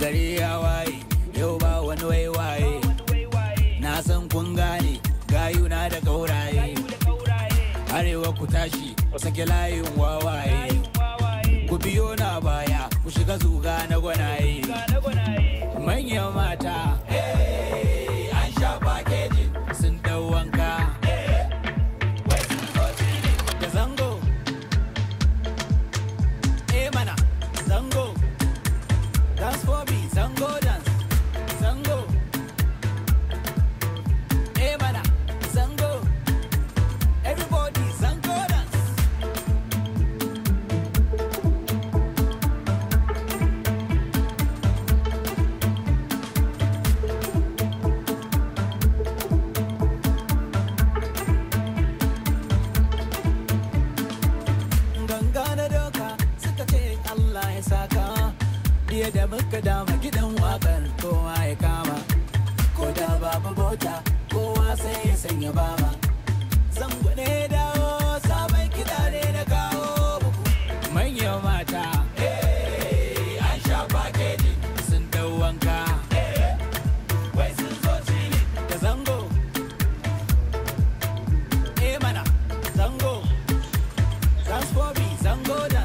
gari ya waye yau ba wani waiwaye na san kun gane gayuna da gauraye arewa ku tashi ku sake layin wawaye ku biyo na baya ku shiga zuga dance for me, Zango. da dama gidan wakar kowa ya kama ko da babu bota kowa sai ya sanya baba zango ne dawo sabon kiɗa ne na kawo muku manyan mata eh, an sha fakeji sun dau wanka eh, wai sun zo cili da zango eh mana zango transformi zango da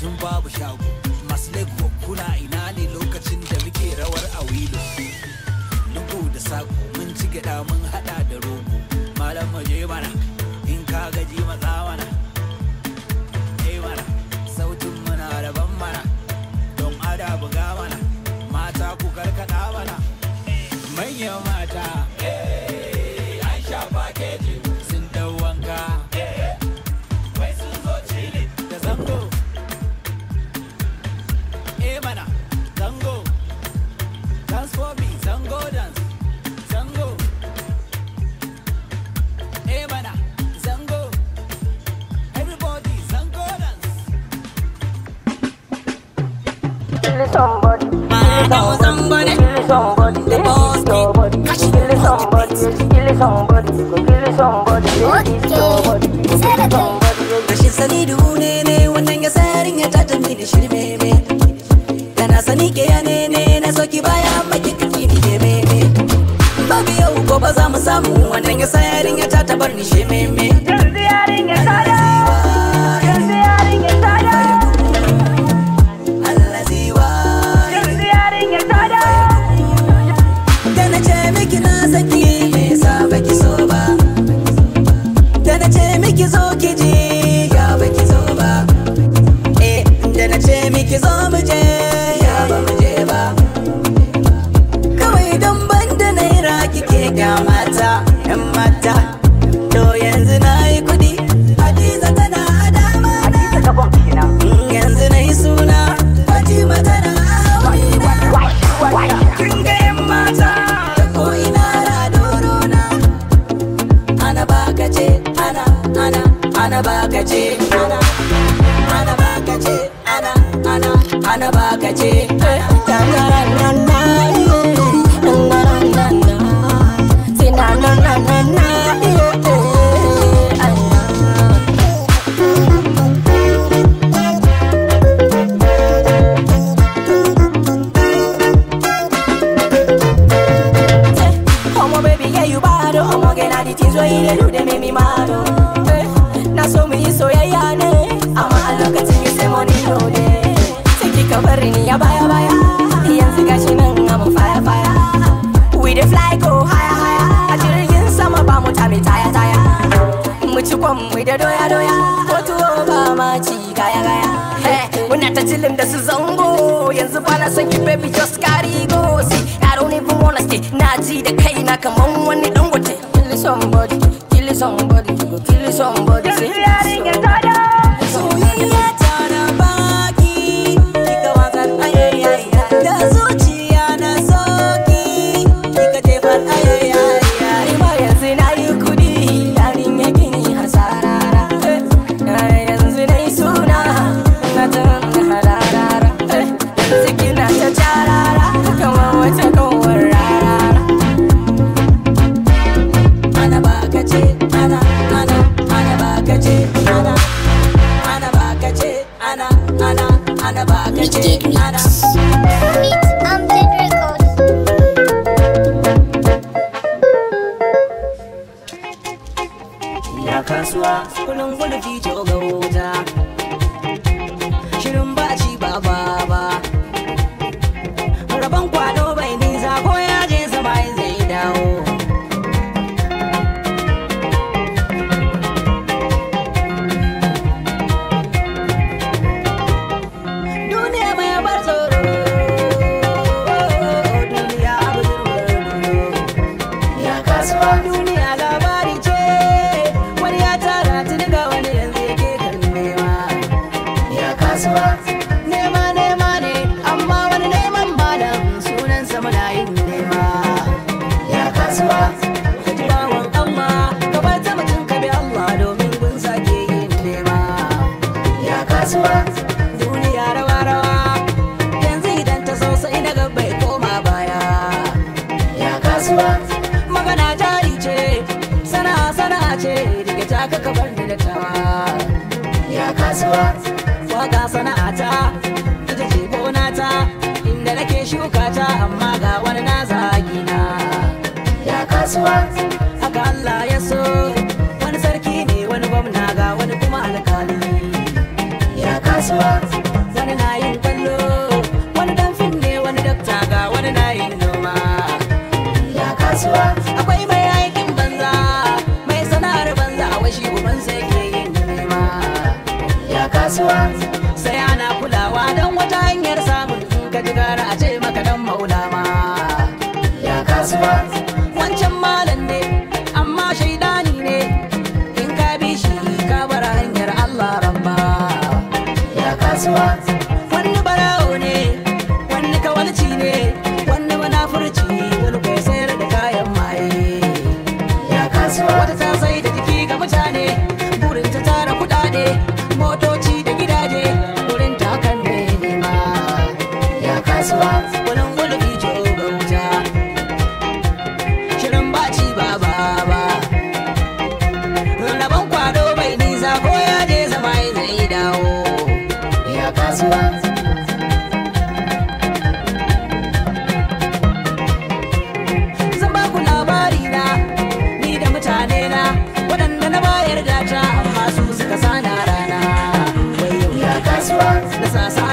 tun babu shago masu lagos kuna ina ne lokacin da muke rawar a wilo lungu da sako mun ci gada mun hada da rogo malam mana know somebody. Somebody, kill somebody, kill somebody, kill somebody, kill somebody, kill somebody. ana baka ce ana ana baka ce ana ana ana baka ce eh, wani dole sai kika ni ya baya baya yanzu gashi nan a mun faya faya we dey fly go higher higher a jirgin sama ba mu tame taya taya mu ci kwan mu da doya doya ko tuwo ba ma ci gaya gaya muna ta cilin da su zango yanzu ba na son ki baby just carry go see I don't even wanna stay na ji da kaina kaman wani dangote kill somebody kill somebody kill somebody say Dirty Dick Mix na ka kabar ni da ta ya kasuwa waka sana'ata ita ce gona ta inda nake shuka ta amma ga wani na zagi na ya kasuwa haka Allah ya so wani sarki ne wani gwamna ga wani kuma alkali ya kasuwa wani na yin wani ne wani dakta ga wani na yin noma ya kasuwa kasuwa wancan malam ne amma shaidani ne in ka bi shi ka bar hanyar Allah rabba ya kasuwa That's right.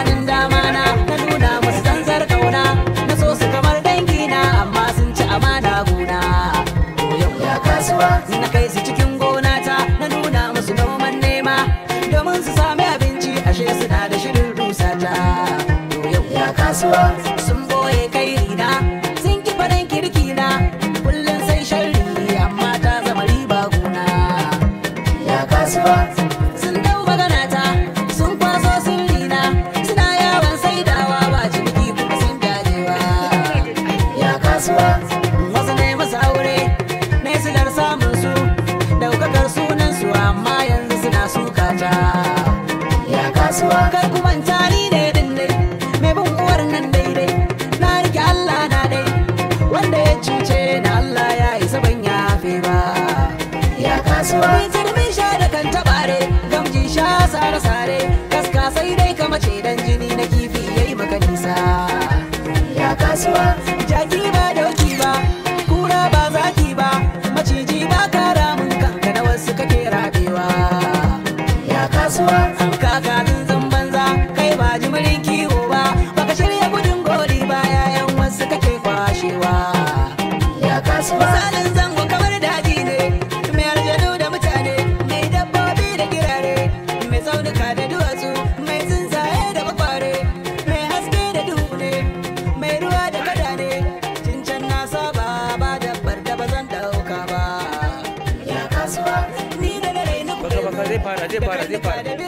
para Sare. depara, depara.